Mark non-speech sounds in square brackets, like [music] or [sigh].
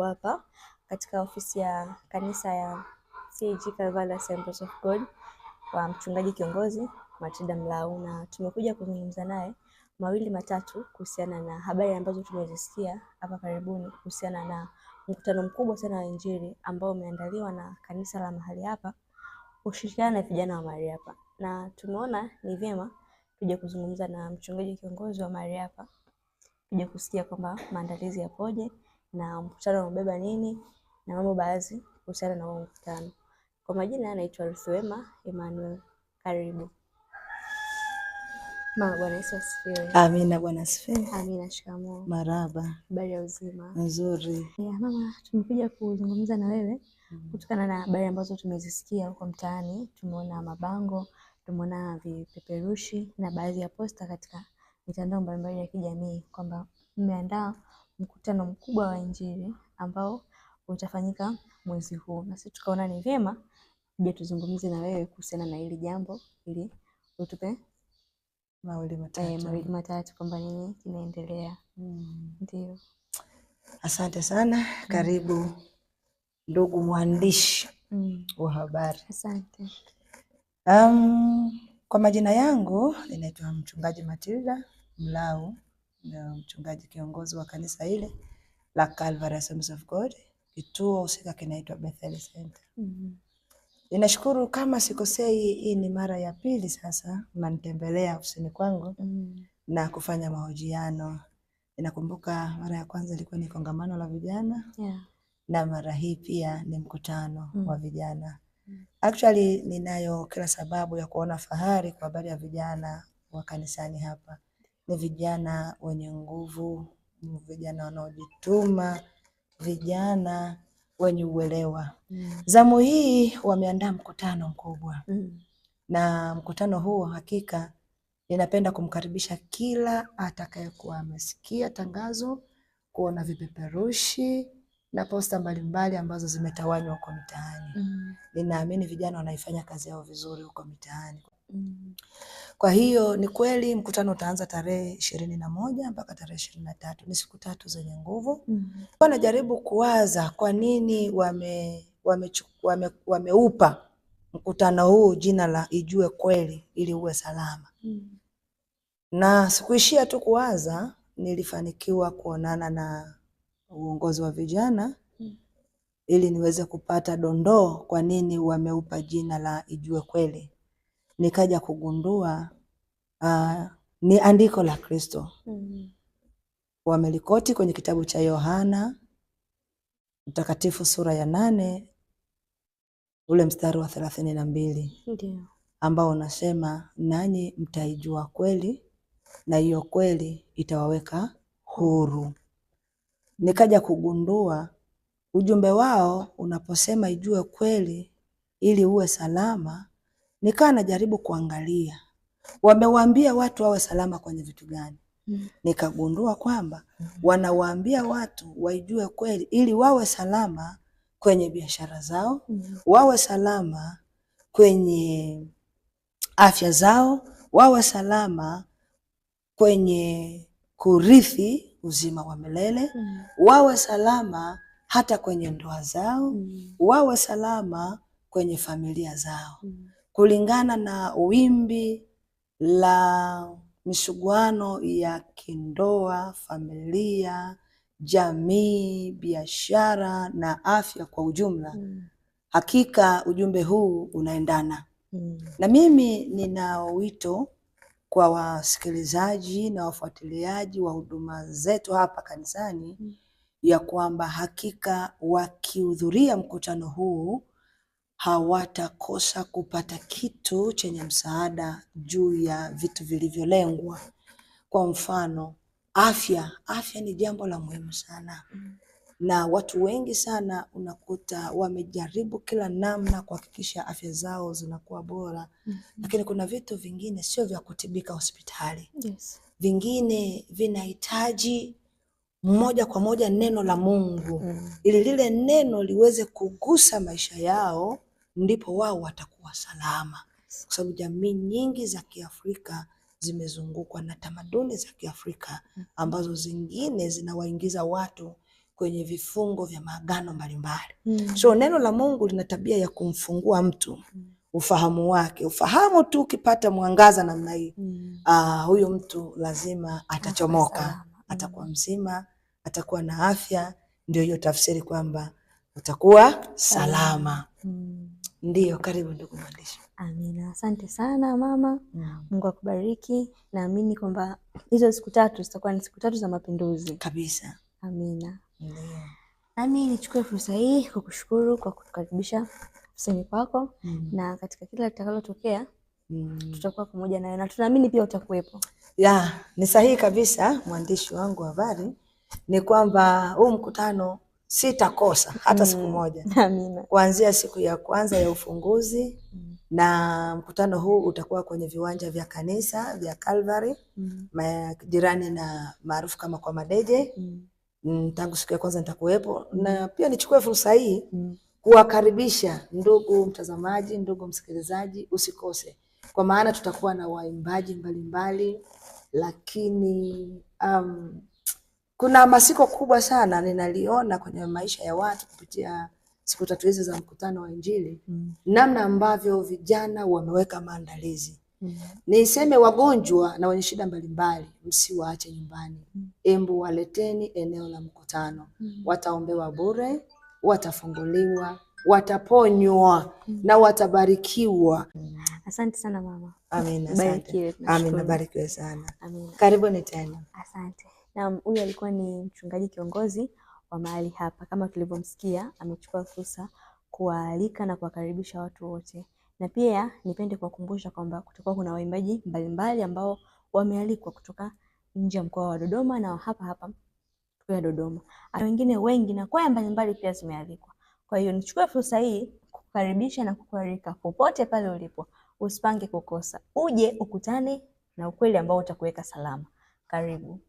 niko hapa katika ofisi ya kanisa ya CAG Kavala Assemblies of God wa mchungaji kiongozi Matilda Mlau, na tumekuja kuzungumza naye mawili matatu kuhusiana na habari ambazo tumezisikia hapa karibuni kuhusiana na mkutano mkubwa sana wa Injili ambao umeandaliwa na kanisa la mahali hapa kushirikiana na vijana wa mahali hapa, na tumeona ni vyema kuja kuzungumza na mchungaji kiongozi wa mahali hapa kuja kusikia kwamba maandalizi yapoje na mkutano umebeba nini na mambo baadhi kuhusiana na huo mkutano. Kwa majina anaitwa Ruthwema Emmanuel. Karibu. Mama, Bwana Yesu asifiwe. Amina. Bwana asifiwe. Amina. Shikamoo. Maraba. Habari ya uzima? Nzuri. Yeah, mama, tumekuja kuzungumza na wewe mm. kutokana na habari ambazo tumezisikia huko mtaani. Tumeona mabango, tumeona vipeperushi na baadhi ya posta katika mitandao mbalimbali ya kijamii kwamba mmeandaa mkutano mkubwa wa Injili ambao utafanyika mwezi huu, na sisi tukaona ni vyema je, tuzungumze na wewe kuhusiana na hili jambo, ili utupe mawili matatu, eh, mawili matatu kwamba nini kinaendelea. Mm. Ndio, asante sana. Hmm. Karibu ndugu mwandishi mm. wa habari. Asante. Um, kwa majina yangu ninaitwa mchungaji Matilda Mlau na mchungaji kiongozi wa kanisa ile la Calvary Assemblies of God. Kituo husika kinaitwa Bethel Center. Mm -hmm. Ninashukuru kama sikosei, hii ni mara ya pili sasa mnanitembelea ofisini kwangu mm -hmm. na kufanya mahojiano. Ninakumbuka mara ya kwanza ilikuwa ni kongamano la vijana yeah. na mara hii pia ni mkutano mm -hmm. wa vijana. Mm. Actually, ninayo kila sababu ya kuona fahari kwa habari ya vijana wa kanisani hapa ni vijana wenye nguvu, vijana wanaojituma, vijana wenye uelewa. Mm. Zamu hii wameandaa mkutano mkubwa. Mm. Na mkutano huo hakika ninapenda kumkaribisha kila atakayekuwa amesikia tangazo, kuona vipeperushi na posta mbalimbali ambazo zimetawanywa huko mitaani. Mm. Ninaamini vijana wanaifanya kazi yao vizuri huko mitaani. Kwa hiyo ni kweli mkutano utaanza tarehe ishirini na moja mpaka tarehe ishirini na tatu ni siku tatu zenye nguvu. mm mm-hmm. -hmm. Wanajaribu kuwaza kwa nini wame wameupa wame, wame mkutano huu jina la Ijue Kweli ili uwe salama. mm -hmm. Na sikuishia tu kuwaza, nilifanikiwa kuonana na uongozi wa vijana mm-hmm. ili niweze kupata dondoo kwa nini wameupa jina la Ijue Kweli nikaja kugundua uh, ni andiko la Kristo mm. Wamelikoti kwenye kitabu cha Yohana Mtakatifu sura ya nane ule mstari wa thelathini na mbili ndio ambao unasema, nanyi mtaijua kweli na hiyo kweli itawaweka huru. Nikaja kugundua ujumbe wao unaposema ijue kweli ili uwe salama, Nikawa najaribu kuangalia wamewaambia watu wawe salama kwenye vitu gani. Mm. Nikagundua kwamba mm -hmm. wanawaambia watu waijue kweli ili wawe salama kwenye biashara zao, mm -hmm. wawe salama kwenye afya zao, wawe salama kwenye kurithi uzima wa milele, mm -hmm. wawe salama hata kwenye ndoa zao, mm -hmm. wawe salama kwenye familia zao, mm -hmm kulingana na wimbi la misuguano ya kindoa, familia, jamii, biashara na afya kwa ujumla mm. Hakika ujumbe huu unaendana mm. Na mimi nina wito kwa wasikilizaji na wafuatiliaji wa huduma zetu hapa kanisani mm. ya kwamba hakika wakihudhuria mkutano huu hawatakosa kupata kitu chenye msaada juu ya vitu vilivyolengwa. Kwa mfano afya, afya ni jambo la muhimu sana, na watu wengi sana unakuta wamejaribu kila namna kuhakikisha afya zao zinakuwa bora mm -hmm. Lakini kuna vitu vingine sio vya kutibika hospitali yes. Vingine vinahitaji moja kwa moja neno la Mungu mm -hmm. Ili lile neno liweze kugusa maisha yao ndipo wao watakuwa salama, kwa sababu jamii nyingi za Kiafrika zimezungukwa na tamaduni za Kiafrika ambazo zingine zinawaingiza watu kwenye vifungo vya maagano mbalimbali. Mm. So neno la Mungu lina tabia ya kumfungua mtu mm. ufahamu wake. Ufahamu tu ukipata mwangaza namna hii mm. uh, ah, huyo mtu lazima atachomoka, atakuwa mzima, atakuwa na afya. Ndio hiyo tafsiri kwamba utakuwa salama mm. Ndiyo, karibu ndugu mwandishi. Amina, asante sana mama. Mm. Mungu akubariki. Naamini kwamba hizo siku tatu zitakuwa ni siku tatu za mapinduzi kabisa. Amina. Nami nichukue fursa hii kukushukuru kwa kutukaribisha ofisini kwako. Mm. na katika kila litakalotokea Mm. tutakuwa pamoja nawe na tunaamini pia utakuwepo. Ya, ni sahihi kabisa mwandishi wangu habari, ni kwamba huu mkutano sitakosa hata siku mm. moja. [laughs] Amina. Kuanzia siku ya kwanza ya ufunguzi mm. na mkutano huu utakuwa kwenye viwanja vya kanisa vya Calvary mm. jirani na maarufu kama kwa Madeje mm. mm. tangu siku ya kwanza nitakuwepo mm. na pia nichukue fursa hii mm. kuwakaribisha ndugu mtazamaji, ndugu msikilizaji, usikose, kwa maana tutakuwa na waimbaji mbalimbali mbali, lakini um, kuna hamasiko kubwa sana ninaliona kwenye maisha ya watu kupitia siku tatu hizi za mkutano wa Injili mm. namna ambavyo vijana wameweka maandalizi mm. niseme, wagonjwa na wenye shida mbalimbali msiwaache nyumbani mm. embu waleteni eneo la mkutano mm. wataombewa bure, watafunguliwa, wataponywa mm. na watabarikiwa. Mm. Asante sana mama. Amina, asante. Barikiwe, Amina, barikiwe sana. Amina. Karibuni tena. Asante. Na huyu alikuwa ni mchungaji kiongozi wa mahali hapa. Kama tulivyomsikia, amechukua fursa kuwaalika na kuwakaribisha watu wote, na pia nipende kuwakumbusha kwamba kutakuwa kuna waimbaji mbalimbali ambao wamealikwa kutoka nje ya mkoa wa Dodoma na hapa hapa ya Dodoma, wengine wengi na kwaya mbalimbali pia zimealikwa. Kwa hiyo nichukue fursa hii kukaribisha na kukualika popote pale ulipo, usipange kukosa, uje ukutane na ukweli ambao utakuweka salama. Karibu.